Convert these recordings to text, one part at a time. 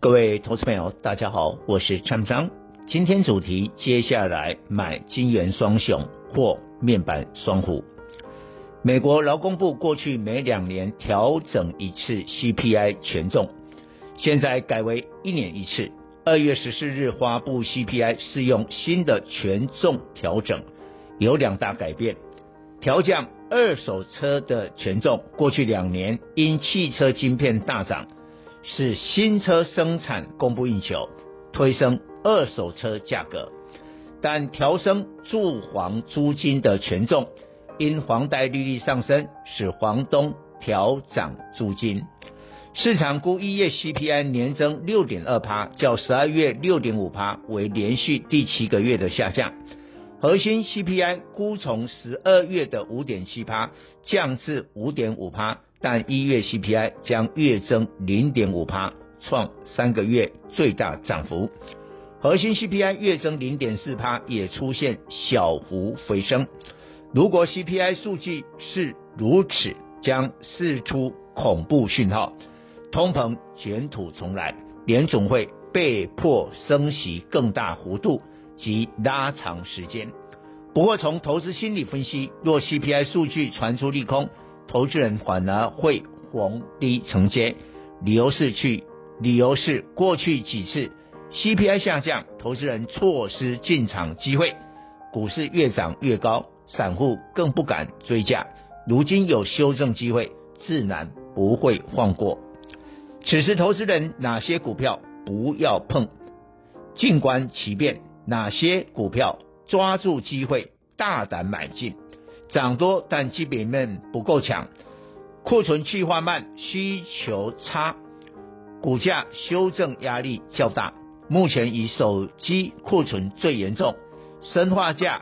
各位投資朋友，大家好，我是張木章。今天主題，接下來買晶圓雙雄或面板雙虎。美國勞工部過去每兩年調整一次 CPI 權重，現在改為一年一次。二月十四日發布 CPI 適用新的權重調整，有兩大改變：調降二手車的權重。過去兩年因汽車晶片大漲。使新車生產供不應求，推升二手車價格。但調升住房租金的權重，因房貸利率上升，使房東調漲租金。市場估一月 CPI 年增六點二趴，較十二月六點五趴為連續第七個月的下降。核心 CPI 估從十二月的五點七趴降至五點五趴。1 但一月 CPI 將月增0.5帕，創三個月最大漲幅；核心 CPI 月增0.4帕，也出現小幅回升。如果 CPI 數據是如此，將釋出恐怖訊號，通膨捲土重來，連總會被迫升息更大幅度及拉長時間。不過，從投資心理分析，若 CPI 數據傳出利空，投資人反而會逢低承接，理由是去，理由是過去幾次 CPI 下降，投資人錯失進場機會，股市越漲越高，散戶更不敢追價，如今有修正機會，自然不會放過。此時投資人哪些股票不要碰，靜觀其變；哪些股票抓住機會，大膽，大膽買進。漲多但基本面不夠強，庫存去化慢，需求差，股價修正壓力較大。目前以手機庫存最嚴重，砷化鎵、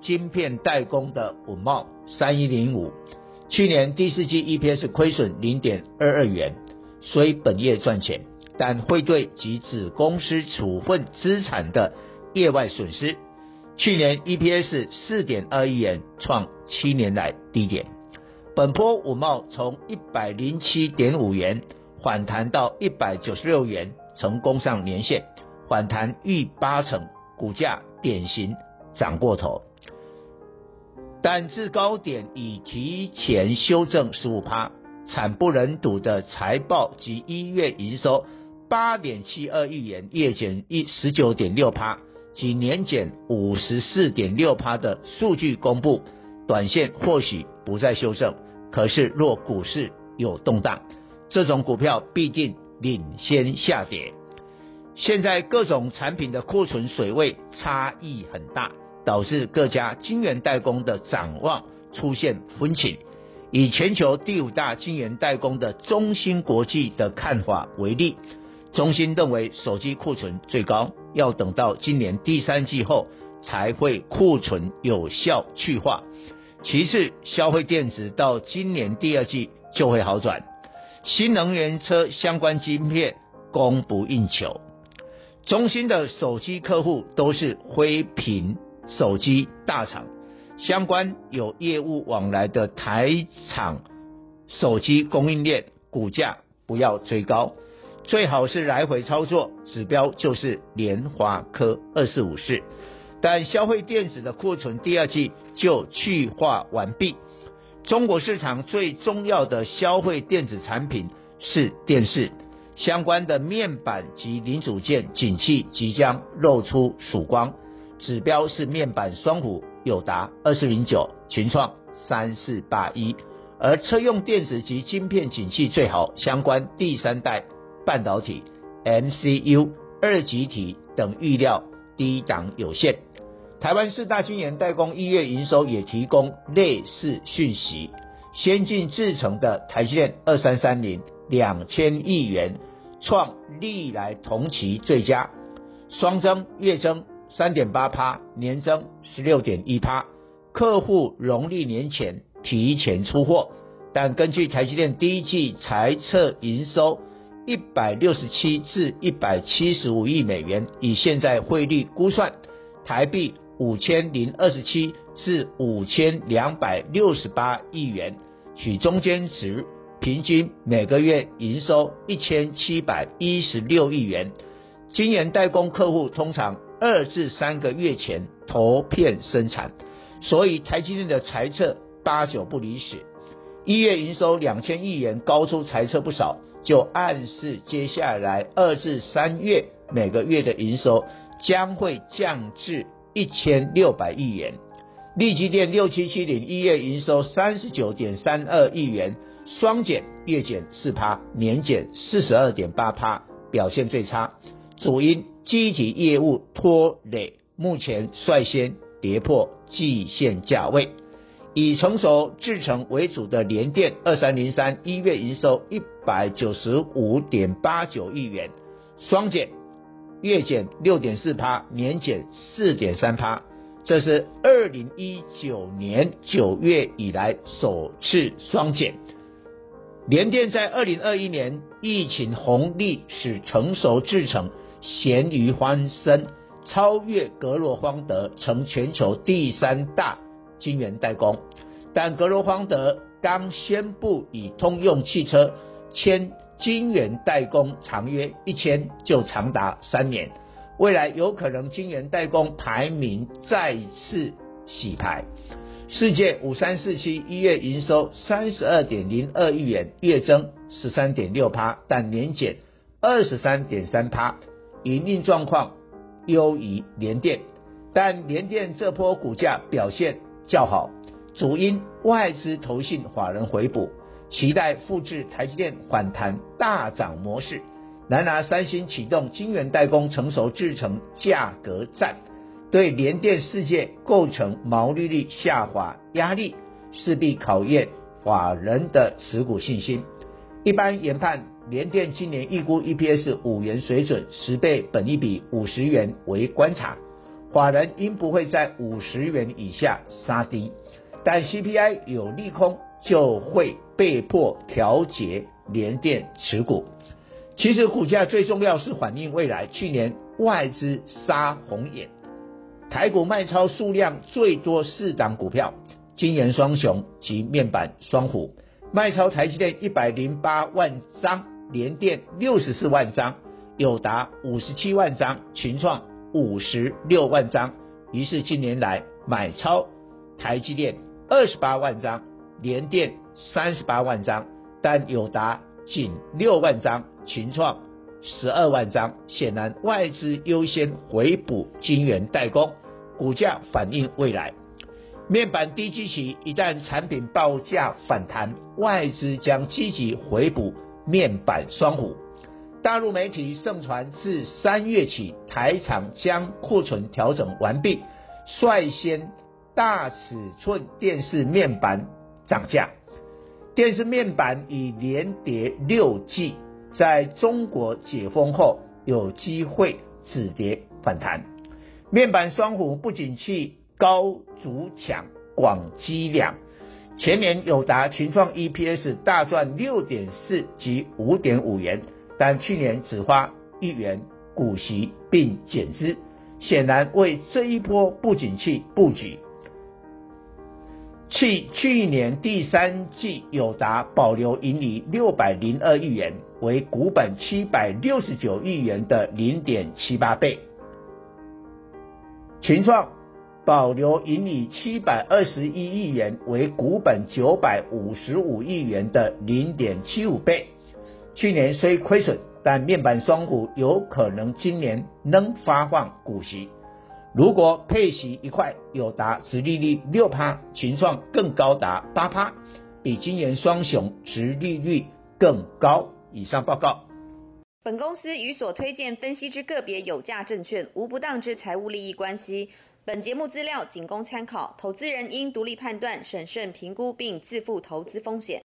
晶片代工的穩懋三一零五，去年第四季 EPS 虧損零點二二元，雖本業賺錢，但匯兌及子公司處分資產的業外損失。去年 EPS 四點二億元，創七年來低點。本波五茂從一百零七點五元反彈到一百九十六元，成功上年線，反彈逾八成，股價典型漲過頭，但至高點已提前修正十五趴。慘不忍睹的財報及一月營收八點七二億元，月減一十九點六趴。及年減五十四點六趴的數據公布，短線或許不再修正，可是若股市有動盪，這種股票必定領先下跌。現在各種產品的庫存水位差異很大，導致各家晶圓代工的展望出現分歧。以全球第五大晶圓代工的中芯國際的看法為例。中芯認為手機庫存最高，要等到今年第三季後才會庫存有效去化。其次，消費電子到今年第二季就會好轉。新能源車相關芯片供不應求。中芯的手機客戶都是灰屏手機大廠，相關有業務往來的台廠手機供應鏈股價不要追高。最好是來回操作，指標就是聯華科二四五四，但消費電子的庫存第二季就去化完畢。中國市場最重要的消費電子產品是電視，相關的面板及零組件景氣即將露出曙光，指標是面板雙虎、友達二四零九、群創三四八一，而車用電子及晶片景氣最好，相關第三代。半導體、MCU、二極體等預料低檔有限。台灣四大晶圓代工一月營收也提供類似訊息。先進製程的台積電二三三零兩千億元創歷來同期最佳，雙增月增三點八趴，年增十六點一趴。客戶農曆年前提前出貨，但根據台積電第一季財測營收。一百六十七至一百七十五億美元，以現在匯率估算，台幣五千零二十七至五千兩百六十八億元，取中間值，平均每個月營收一千七百一十六億元。晶圓代工客戶通常二至三個月前投片生產，所以台積電的財測八九不離十，一月營收兩千億元，高出財測不少。就暗示接下來二至三月每個月的營收將會降至一千六百億元。力積電六七七零一月營收三十九點三二億元，雙減，月減四趴，年減四十二點八趴，表現最差，主因積極業務拖累，目前率先跌破季線價位。以成熟製程為主的聯電，二三零三一月營收一百九十五點八九億元，雙減，月減六點四趴，年減四點三趴，這是二零一九年九月以來首次雙減。聯電在二零二一年疫情紅利使成熟製程鹹魚翻身，超越格羅方德，成全球第三大。晶圓代工，但格羅方德剛宣布與通用汽車簽晶圓代工長約一簽，就長達三年，未來有可能晶圓代工排名再次洗牌。世界五三四七一月營收三十二點零二億元，月增十三點六趴，但年減二十三點三趴，營運狀況優於聯電，但聯電這波股價表現。較好，主因外資投信法人回補，期待複製台積電反彈大漲模式。然而三星啟動晶圓代工成熟製程價格戰，對聯電世界構成毛利率下滑壓力，勢必考驗法人的持股信心。一般研判聯電今年預估 EPS 五元水準，十倍本益比五十元為觀察。法人應不會在五十元以下殺低，但 CPI 有利空就會被迫調節聯電持股。其實股價最重要是反映未來。去年外資殺紅眼，台股賣超數量最多四檔股票，晶圓雙雄及面板雙虎賣超台積電一百零八萬張，聯電六十四萬張，友達五十七萬張，群創，五十六萬張，於是近年來買超台積電二十八萬張，聯電三十八萬張，但友達僅六萬張，群創十二萬張。顯然外資優先回補晶圓代工，股價反映未來，面板低基期一旦產品報價反彈，外資將積極回補面板雙虎。大陸媒體盛傳，自三月起，台廠將庫存調整完畢，率先大尺寸電視面板漲價。電視面板已連跌六季，在中國解封後有機會止跌反彈。面板雙虎不景氣，高築牆、廣積糧，前年友達、群創 EPS 大賺六點四及五點五元。但去年只花一元股息並減資，顯然為這一波不景氣佈局。去去年第三季友達保留盈餘六百零二億元，為股本七百六十九億元的零點七八倍；群創保留盈餘七百二十一億元，為股本九百五十五億元的零點七五倍。去年雖虧損，但面板雙虎有可能今年能發放股息。如果配息一塊，友達殖利率六趴，群創更高達八趴，比今年雙雄殖利率更高。以上報告。本公司與所推薦分析之個別有價證券無不當之財務利益關係。本節目資料僅供參考，投資人應獨立判斷、審慎評估並自負投資風險。